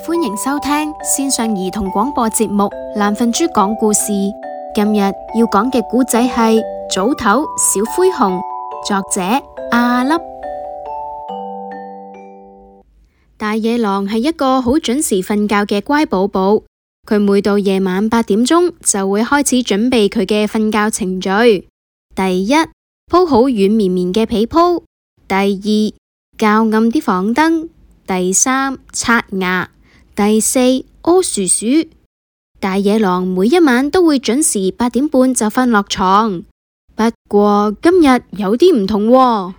歡迎收聽綫上兒童廣播節目《爛瞓豬講故事》。今日要講嘅故仔係《早唞小灰熊》，作者阿粒。大野狼係一個好準時瞓覺嘅乖寶寶，佢每到夜晚八點鐘就會開始準備佢嘅瞓覺程序。第一，鋪好軟綿綿嘅被鋪；第二，校暗啲房燈；第三，刷牙。第四，柯薯薯。大野狼，每一晚都會準時八點半就瞓落床。不過今日有啲唔同喎。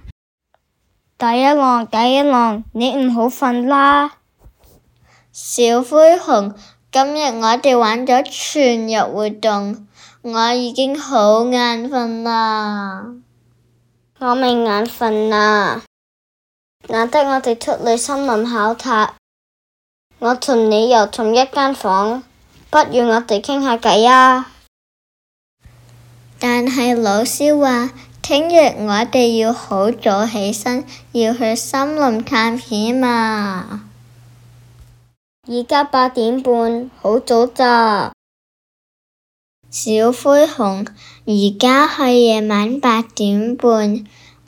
大野狼，大野狼，你唔好瞓啦！小灰熊，今日我哋玩咗全日活動，我已經好眼瞓啦。我未眼瞓啊，難得我哋出嚟，森林考察。我同你又同一間房，不如我哋傾下偈啊！但係老師話，聽日我哋要好早起身，要去森林探險啊。而家八點半，好早咋？小灰熊，而家係夜晚八點半，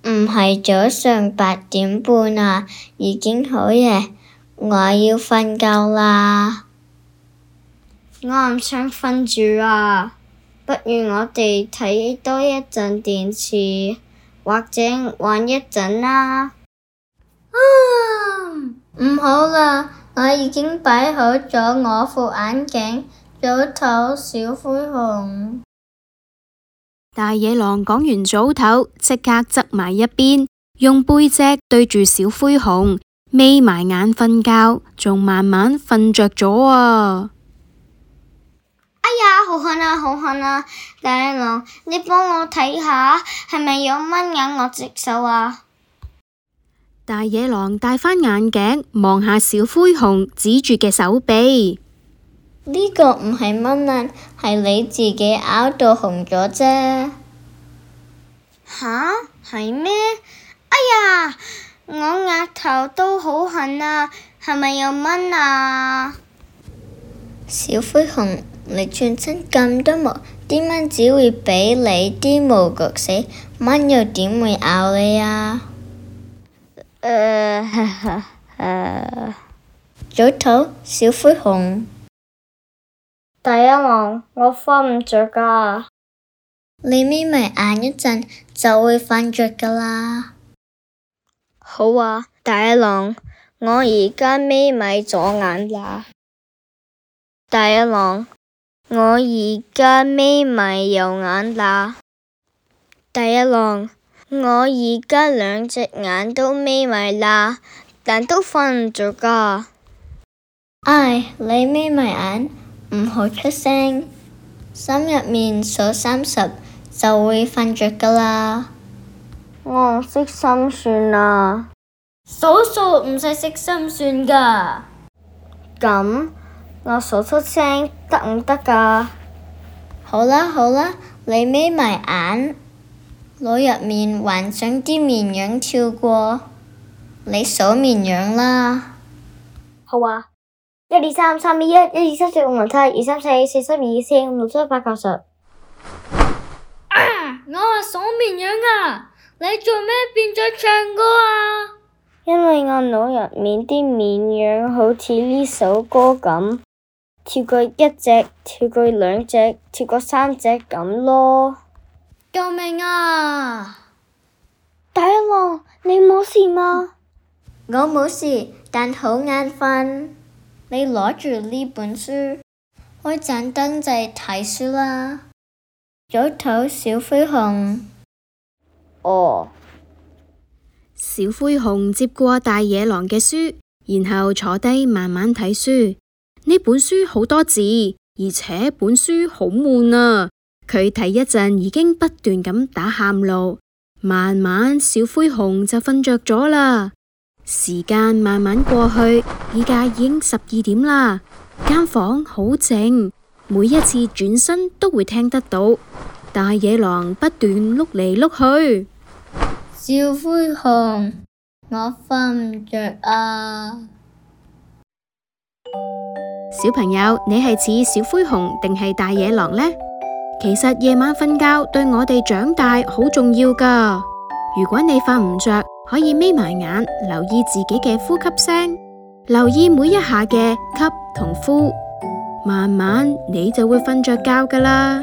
唔係早上八點半啊，已經好夜。我要瞓覺啦，我唔想瞓住啊！不如我哋睇多一陣電視，或者玩一陣啦。啊，唔好啦，我已經擺好咗我副眼鏡。早唞，小灰熊。大野狼講完早唞，即刻側埋一邊，用背脊對住小灰熊。眯埋眼瞓覺，仲慢慢瞓着咗啊！哎呀，好痕啊，好痕啊！大野狼，你幫我睇下，係咪有蚊咬我隻手啊？大野狼戴翻眼鏡，望下小灰熊指住嘅手臂。呢個唔係蚊啊，係你自己咬到紅咗啫。吓，係咩？哎呀！我額頭都好痕啊，係咪有蚊啊？小灰熊，你全身咁多毛，啲蚊只會畀你啲毛焗死，蚊又點會咬你啊？誒誒誒，早唞，小灰熊。第一晚我瞓唔着噶，你眯埋眼一陣就會瞓着噶啦。好啊，大野狼，我而家眯埋左眼啦。大野狼，我而家眯埋右眼啦。大野狼，我而家兩隻眼都眯埋啦，但都瞓唔着噶。唉、哎，你眯埋眼，唔好出聲，心入面數三十就會瞓着噶啦。我唔識心算啊，數數唔使識心算噶。咁我數出聲得唔得噶？行行啊、好啦好啦，你眯埋眼，腦入面幻想啲綿羊跳過，你數綿羊啦。好啊，一二三三一，一二三四五六七二三四四三二四五六七八九十。我話數綿羊啊！你做咩變咗唱歌啊？因為我腦入面啲綿羊好似呢首歌咁，跳過一隻，跳過兩隻，跳過三隻咁咯。救命啊！大龍，你冇事嗎？我冇事，但好眼瞓。你攞住呢本書，開盞燈仔睇書啦。早唞，小灰熊。哦，oh。小灰熊接過大野狼嘅書，然後坐低慢慢睇書。呢本書好多字，而且本書好悶啊。佢睇一陣已經不斷咁打喊路，慢慢小灰熊就瞓着咗啦。時間慢慢過去，依家已經十二點啦。間房好靜，每一次轉身都會聽得到。大野狼不斷碌嚟碌去。小灰熊，我瞓唔着啊！小朋友，你係似小灰熊定係大野狼呢？其實夜晚瞓覺對我哋長大好重要噶。如果你瞓唔着，可以眯埋眼，留意自己嘅呼吸聲，留意每一下嘅吸同呼，慢慢你就會瞓着覺噶啦。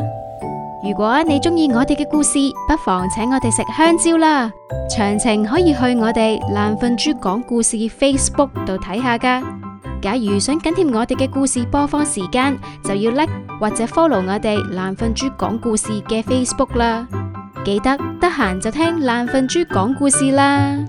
如果你中意我哋嘅故事，不妨請我哋食香蕉啦。詳情可以去我哋爛瞓豬講故事 Facebook 度睇下噶。假如想緊貼我哋嘅故事播放時間，就要 like 或者 follow 我哋爛瞓豬講故事嘅 Facebook 啦。記得，得閒就聽爛瞓豬講故事啦。